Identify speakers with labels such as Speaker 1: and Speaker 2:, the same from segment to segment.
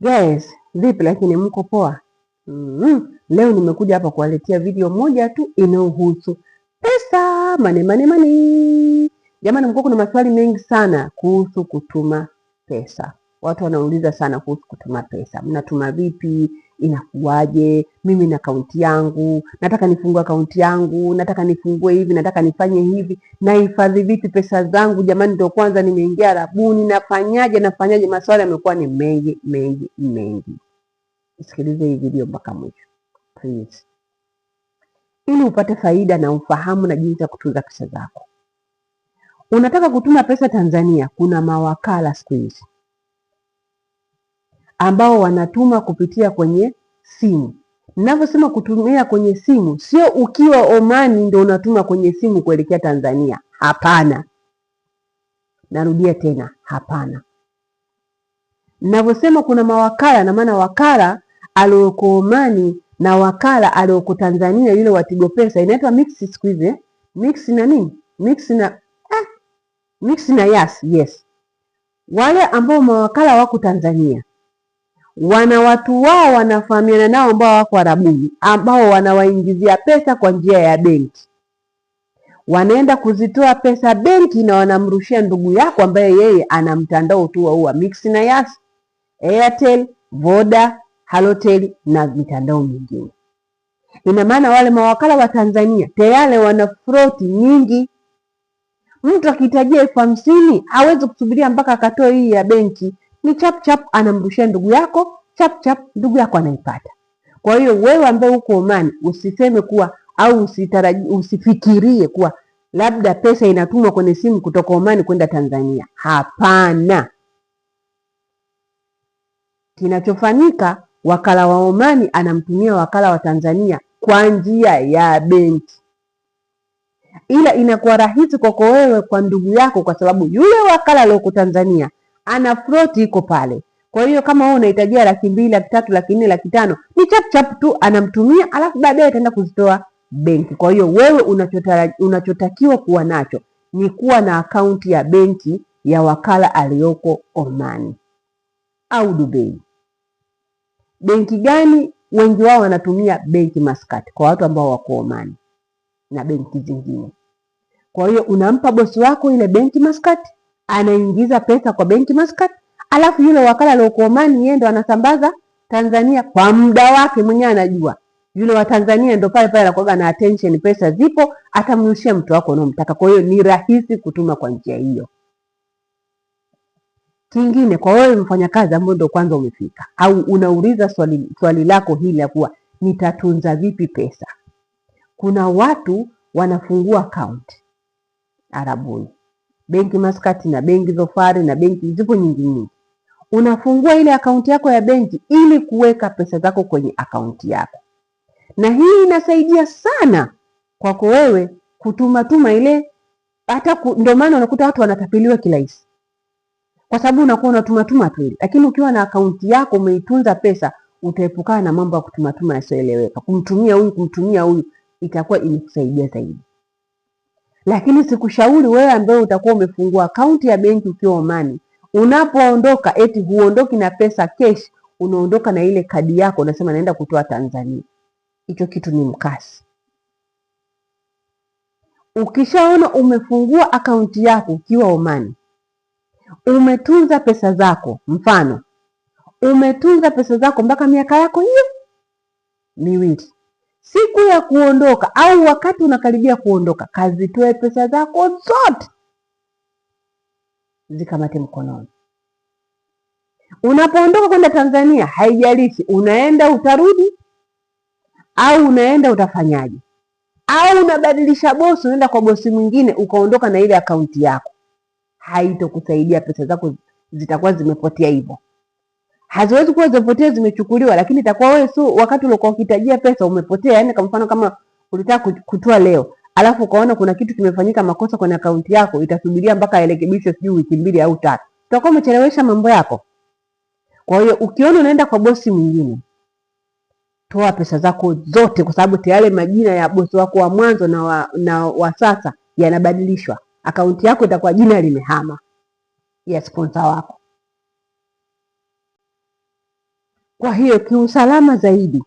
Speaker 1: Guys, vipi lakini mko poa? Mm -hmm. Leo nimekuja hapa kuwaletea video moja tu inayohusu pesa, mane mane mane. Jamani, mko kuna maswali mengi sana kuhusu kutuma pesa. Watu wanauliza sana kuhusu kutuma pesa, mnatuma vipi? Inakuwaje? Mimi na akaunti yangu, nataka nifungue akaunti yangu, nataka nifungue hivi, nataka nifanye hivi, nahifadhi vipi pesa zangu? Jamani, ndio kwanza nimeingia rabuni, nafanyaje? Nafanyaje? Maswali yamekuwa ni mengi mengi mengi. Sikilize hii video mpaka mwisho please, ili upate faida na ufahamu na jinsi ya kutunza pesa zako. Unataka kutuma pesa Tanzania, kuna mawakala siku hizi ambao wanatuma kupitia kwenye simu. Ninavyosema kutumia kwenye simu, sio ukiwa Omani ndio unatuma kwenye simu kuelekea Tanzania. Hapana, narudia tena, hapana. Ninavyosema kuna mawakala, na maana wakala alioko Omani na wakala alioko Tanzania, yule wa Tigo Pesa, inaitwa mix siku hizi eh? mix na nini mix na eh? mix na yes, yes, wale ambao mawakala wako Tanzania wana watu wao wanafahamiana nao ambao wako Arabuni, ambao wanawaingizia pesa kwa njia ya benki. Wanaenda kuzitoa pesa benki na wanamrushia ndugu yako ambaye yeye ana mtandao tu wa Mix na Yas, Airtel, Voda, Halotel na mitandao mingine. Ina maana wale mawakala wa Tanzania tayari wana froti nyingi. Mtu akitajia elfu hamsini hawezi kusubiria mpaka akatoe hii ya benki ni chap chap, anamrushia ndugu yako chap chap, ndugu yako anaipata. Kwa hiyo wewe ambaye uko Oman usiseme kuwa au usitaraji, usifikirie kuwa labda pesa inatumwa kwenye simu kutoka Oman kwenda Tanzania. Hapana, kinachofanyika wakala wa Omani anamtumia wakala wa Tanzania kwa njia ya benki, ila inakuwa rahisi kwako wewe kwa ndugu yako, kwa sababu yule wakala alioko Tanzania ana froti iko pale. Kwa hiyo kama wewe unahitajia laki mbili, laki tatu, laki nne, laki tano, ni chap chap tu anamtumia, alafu baadaye ataenda kuzitoa benki. Kwa hiyo wewe unachotakiwa kuwa nacho ni kuwa na akaunti ya benki ya wakala aliyoko Omani au Dubai. Benki gani? Wengi wao wanatumia benki Maskati kwa watu ambao wako Omani na benki zingine. Kwa hiyo unampa bosi wako ile benki Maskati anaingiza pesa kwa benki Muscat, alafu yule wakala aliyoko Omani yeye ndo anasambaza Tanzania kwa muda wake mwenyewe, anajua yule wa Tanzania ndo pale pale anakuwa na attention, pesa zipo, atamrushia mtu wako unaomtaka. Kwa hiyo ni rahisi kutuma kwa njia hiyo. Kingine kwa wewe mfanyakazi ambaye ndo kwanza umefika au unauliza swali, swali lako hili la kuwa nitatunza vipi pesa, kuna watu wanafungua akaunti Arabuni benki Maskati na benki Zofari na benki zipo nyingi nyingi. Unafungua ile akaunti yako ya benki ili kuweka pesa zako kwenye akaunti yako, na hii inasaidia sana kwako wewe kutumatuma ile hata ku, ndio maana unakuta watu wanatapeliwa kirahisi, kwa sababu unakuwa tuma tu ile. Lakini ukiwa na akaunti yako umeitunza pesa, utaepukana na mambo ya tuma yasioeleweka, kumtumia huyu kumtumia huyu, itakuwa imekusaidia zaidi lakini sikushauri wewe ambaye utakuwa umefungua akaunti ya benki ukiwa Omani, unapoondoka eti huondoki na pesa cash, unaondoka na ile kadi yako, unasema naenda kutoa Tanzania. Hicho kitu ni mkasi. Ukishaona umefungua akaunti yako ukiwa Omani, umetunza pesa zako, mfano umetunza pesa zako mpaka miaka yako hiyo miwili siku ya kuondoka au wakati unakaribia kuondoka, kazitoe pesa zako zote zikamate mkononi. Unapoondoka kwenda Tanzania, haijalishi unaenda utarudi au unaenda utafanyaje, au unabadilisha bosi, unaenda kwa bosi mwingine, ukaondoka na ile akaunti yako, haitokusaidia. Pesa zako zitakuwa zimepotea hivyo haziwezi kuwa zimepotea zimechukuliwa, lakini itakuwa wewe tu wakati ulikuwa ukitajia pesa umepotea. Yani kwa mfano kama ulitaka kutoa leo alafu ukaona kuna kitu kimefanyika makosa kwenye akaunti yako, itasubiria mpaka irekebishwe, sijui wiki mbili au tatu, utakuwa umechelewesha mambo yako. Kwa hiyo ukiona unaenda kwa bosi mwingine, toa pesa zako zote, kwa sababu tayari majina ya bosi wako wa mwanzo na wa, na wa sasa yanabadilishwa. Akaunti yako itakuwa jina limehama ya sponsor wako. Kwa hiyo kiusalama zaidi,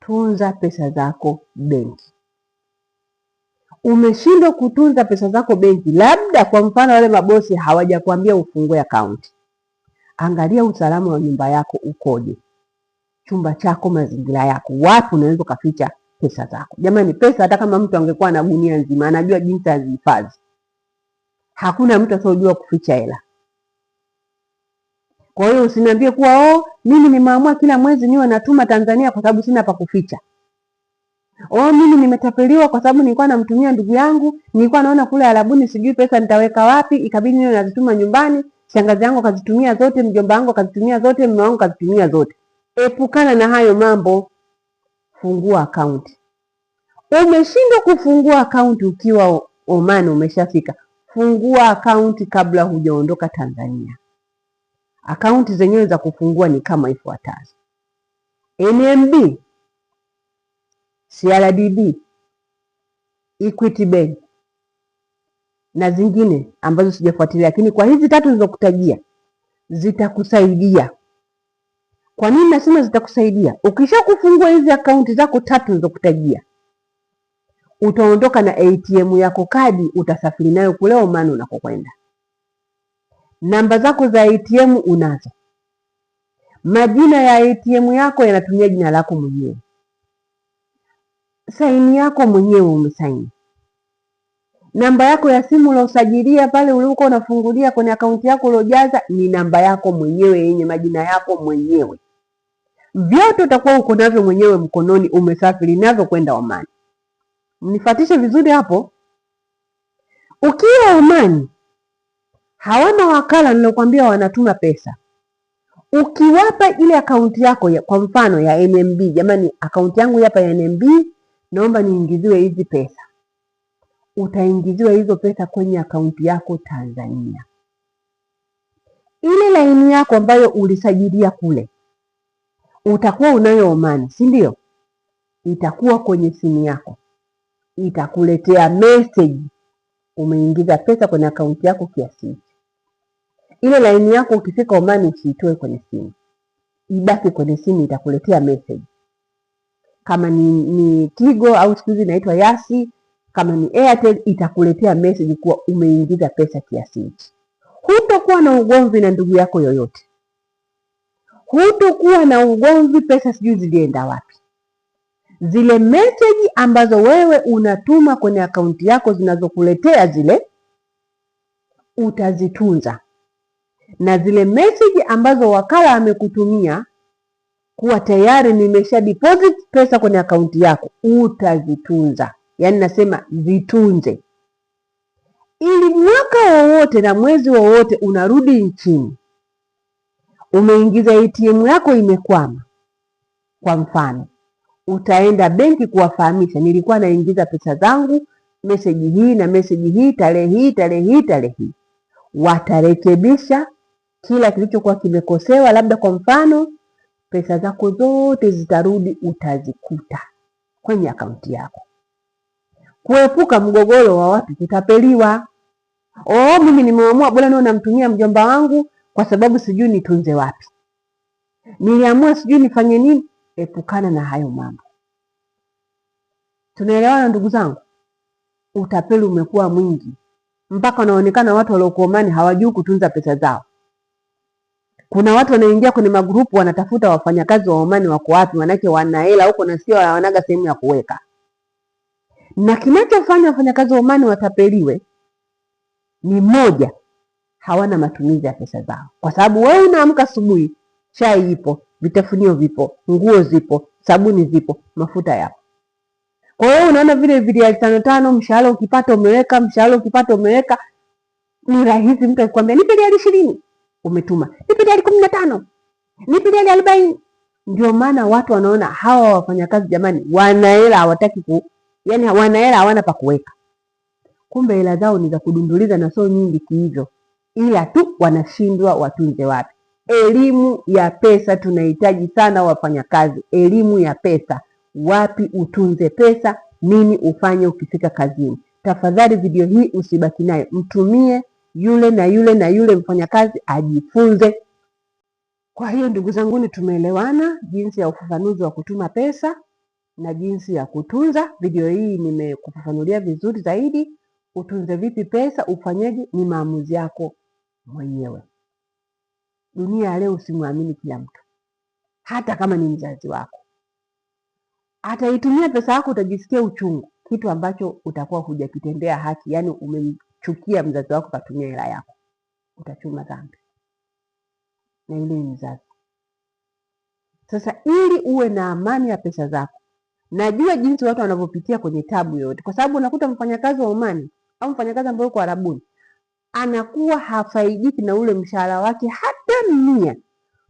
Speaker 1: tunza pesa zako benki. Umeshindwa kutunza pesa zako benki, labda kwa mfano wale mabosi hawajakwambia ufungue akaunti, angalia usalama wa nyumba yako ukoje, chumba chako, mazingira yako, wapi unaweza ukaficha pesa zako. Jamani, pesa hata kama mtu angekuwa na gunia nzima, anajua jinsi azihifadhi. Hakuna mtu asiojua kuficha hela. Kwa hiyo usiniambie kuwa oh, mimi nimeamua kila mwezi niwe natuma Tanzania kwa sababu sina pa kuficha. Oh, mimi nimetapeliwa kwa sababu nilikuwa namtumia ndugu yangu, nilikuwa naona kule Arabuni sijui pesa nitaweka wapi, ikabidi niwe nazituma nyumbani, shangazi yangu kazitumia zote, mjomba wangu kazitumia zote, mume wangu kazitumia zote. Epukana na hayo mambo. Fungua akaunti. Umeshindwa kufungua akaunti ukiwa Oman, umeshafika. Fungua akaunti kabla hujaondoka Tanzania. Akaunti zenyewe za kufungua ni kama ifuatazo: NMB, CRDB, Equity Bank na zingine ambazo sijafuatilia, lakini kwa hizi tatu nilizokutajia zitakusaidia. Kwa nini nasema zitakusaidia? Ukisha kufungua hizi akaunti zako tatu nilizokutajia utaondoka na ATM yako, kadi utasafiri nayo kuleo maana unakokwenda namba zako za ATM unazo, majina ya ATM yako yanatumia jina lako mwenyewe, saini yako mwenyewe umesaini, namba yako ya simu uliosajilia pale uliko unafungulia kwenye akaunti yako uliojaza ni namba yako mwenyewe yenye majina yako mwenyewe. Vyote utakuwa uko navyo mwenyewe mkononi, umesafiri navyo kwenda Omani. Mnifatishe vizuri hapo. Ukiwa Omani hawana wakala, nilokwambia wanatuma pesa. Ukiwapa ile akaunti yako ya, kwa mfano ya NMB, jamani, akaunti yangu hapa ya NMB naomba niingiziwe hizi pesa, utaingiziwa hizo pesa kwenye akaunti yako Tanzania. Ile laini yako ambayo ulisajilia kule utakuwa unayo Omani, si ndio? Itakuwa kwenye simu yako, itakuletea message umeingiza pesa kwenye akaunti yako kiasi ile laini yako ukifika Omani usiitoe kwenye simu, ibaki kwenye simu, itakuletea message kama ni, ni Tigo au siku hizi inaitwa Yasi, kama ni Airtel itakuletea message kuwa umeingiza pesa kiasi hichi. Hutakuwa na ugomvi na ndugu yako yoyote, hutakuwa na ugomvi, pesa sijui zilienda wapi. Zile message ambazo wewe unatuma kwenye akaunti yako zinazokuletea zile, utazitunza na zile message ambazo wakala amekutumia kuwa tayari nimesha deposit pesa kwenye akaunti yako, utazitunza. Yaani nasema zitunze, ili mwaka wowote na mwezi wowote unarudi nchini, umeingiza ATM yako imekwama, kwa mfano, utaenda benki kuwafahamisha, nilikuwa naingiza pesa zangu meseji hii na meseji hii, tarehe hii, tarehe hii, tarehe hii, watarekebisha kila kilichokuwa kimekosewa, labda kwa mfano pesa zako zote zitarudi, utazikuta kwenye akaunti yako. Kuepuka mgogoro wa watu kutapeliwa. Oh, mimi nimeamua bora nao namtumia mjomba wangu kwa sababu sijui nitunze wapi, niliamua sijui nifanye nini. Epukana na hayo mambo. Tunaelewana ndugu zangu? Utapeli umekuwa mwingi mpaka unaonekana watu waliokuomani hawajui kutunza pesa zao. Kuna watu wanaingia kwenye magrupu wanatafuta wafanyakazi wa Omani wako wapi, manake wana huko na sio wanaga sehemu ya kuweka. Na kinachofanya wafanyakazi wa Omani watapeliwe ni moja, hawana matumizi ya pesa zao, kwa sababu wewe unaamka asubuhi, chai ipo, vitafunio vipo, nguo zipo, sabuni zipo, mafuta yapo. Kwa hiyo unaona vile vile tano tano, mshahara ukipata umeweka, mshahara ukipata umeweka, ni rahisi mtu akikwambia nipe elfu ishirini umetuma, ni idadi kumi na tano, ni idadi arobaini. Ndio maana watu wanaona hawa wafanyakazi jamani, wanahela hawataki ku, yani wanahela hawana pa kuweka, kumbe hela zao ni za kudunduliza na so nyingi kihivyo, ila tu wanashindwa watunze wapi. Elimu ya pesa tunahitaji sana wafanyakazi, elimu ya pesa, wapi utunze pesa, nini ufanye ukifika kazini. Tafadhali video hii usibaki nayo, mtumie yule na yule na yule mfanyakazi ajifunze. Kwa hiyo ndugu zanguni, tumeelewana jinsi ya ufafanuzi wa kutuma pesa na jinsi ya kutunza. Video hii nimekufafanulia vizuri zaidi. Utunze vipi pesa, ufanyeje, ni maamuzi yako mwenyewe. Dunia leo, usimwamini kila mtu, hata kama ni mzazi wako. Ataitumia pesa yako, utajisikia uchungu, kitu ambacho utakuwa hujakitendea haki, yani Chukia mzazi wako katumia hela yako, utachuma dhambi na yule mzazi. Sasa ili uwe na amani ya pesa zako, najua jinsi watu wanavyopitia kwenye tabu yote, kwa sababu unakuta mfanyakazi wa Omani au mfanyakazi ambaye uko Arabuni anakuwa hafaidiki na ule mshahara wake hata mia.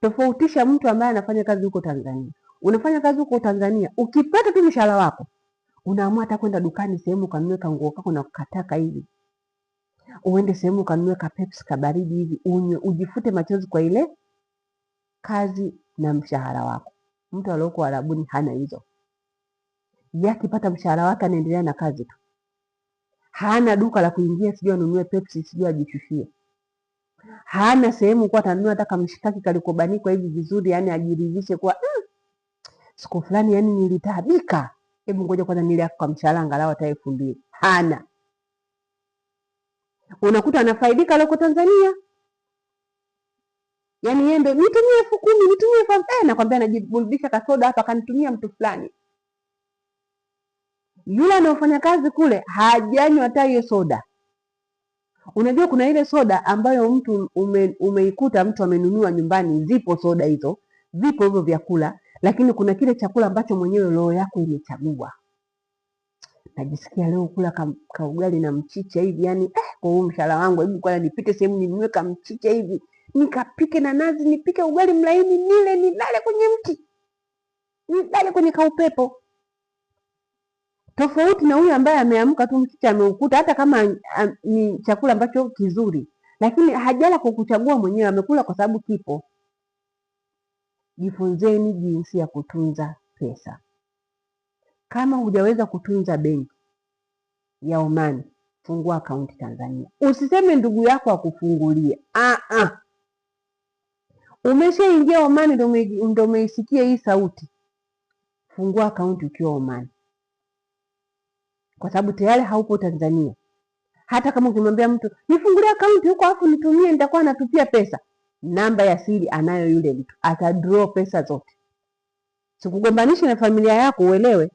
Speaker 1: Tofautisha mtu ambaye anafanya kazi huko Tanzania. Unafanya kazi huko Tanzania, ukipata tu mshahara wako unaamua hata kwenda dukani sehemu ukanunue kanguo kako na kukataka hivi uende sehemu ukanunue kapepsi kabaridi hivi unywe, ujifute machozi kwa ile kazi na mshahara wako. Mtu alioko Arabuni hana hizo, yakipata mshahara wake anaendelea na kazi tu, hana duka la kuingia, sijui anunue pepsi, sijui ajififie, hana sehemu kuwa atanunua hata kamshikaki kalikobanikwa hivi vizuri, yani ajiridhishe kuwa mm, siku fulani yani nilitabika, hebu ngoja kwanza nile kwa mshahara angalau hata elfu mbili hana unakuta anafaidika loko Tanzania, yaani yeye ndio nitumie elfu kumi nitumie elfu eh, hamsini nakwambia, anajiburudisha kasoda hapa, akanitumia mtu fulani. Yule anayofanya kazi kule hajanywa hata hiyo soda. Unajua kuna ile soda ambayo mtu ume, umeikuta mtu amenunua nyumbani, zipo soda hizo, zipo hivyo vyakula, lakini kuna kile chakula ambacho mwenyewe roho yako imechagua najisikia leo kula ka, ka ugali na mchicha hivi yani eh, kwa huu mshala wangu, hebu kwanza nipite sehemu ninunue mchicha hivi nikapike na nazi, nipike ugali mlaini, nile, nilale kwenye mti, nilale kwenye kaupepo, tofauti na huyu ambaye ameamka tu mchicha ameukuta, hata kama ah, ni chakula ambacho kizuri, lakini hajala kwa kuchagua mwenyewe, amekula kwa sababu kipo. Jifunzeni jinsi ya kutunza pesa. Kama hujaweza kutunza benki ya Omani, fungua akaunti Tanzania. Usiseme ndugu yako akufungulie. Ah ah, umeshaingia Omani ndio umeisikia hii sauti. Fungua akaunti ukiwa Omani, kwa sababu tayari haupo Tanzania. Hata kama ukimwambia mtu nifungulie akaunti huko afu nitumie, nitakuwa natupia pesa, namba ya siri anayo yule mtu, atadraw pesa zote. Sikugombanishi na familia yako, uelewe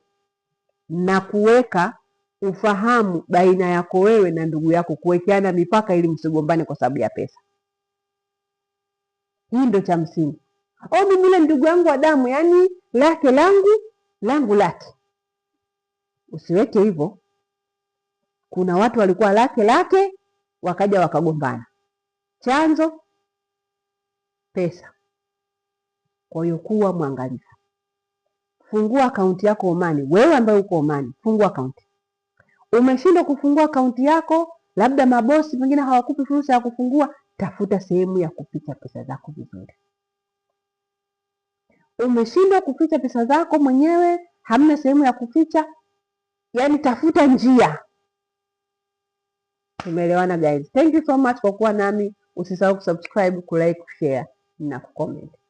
Speaker 1: na kuweka ufahamu baina yako wewe na ndugu yako, kuwekeana mipaka ili msigombane kwa sababu ya pesa. Hii ndo cha msingi. Au oh, mimi yule ndugu yangu wa damu, yani lake langu, langu lake, usiweke hivyo. Kuna watu walikuwa lake lake wakaja wakagombana, chanzo pesa. Kwa hiyo kuwa mwangalifu fungua akaunti yako Omani. Wewe ambaye uko Omani, fungua akaunti. Umeshindwa kufungua akaunti yako, labda mabosi pengine hawakupi fursa ya kufungua, tafuta sehemu ya kuficha pesa zako vizuri. Umeshindwa kuficha pesa zako mwenyewe, hamna sehemu ya kuficha, yani tafuta njia. Tumeelewana guys? Thank you so much kwa kuwa nami. Usisahau kusubscribe, kulike, kushare na kucomment.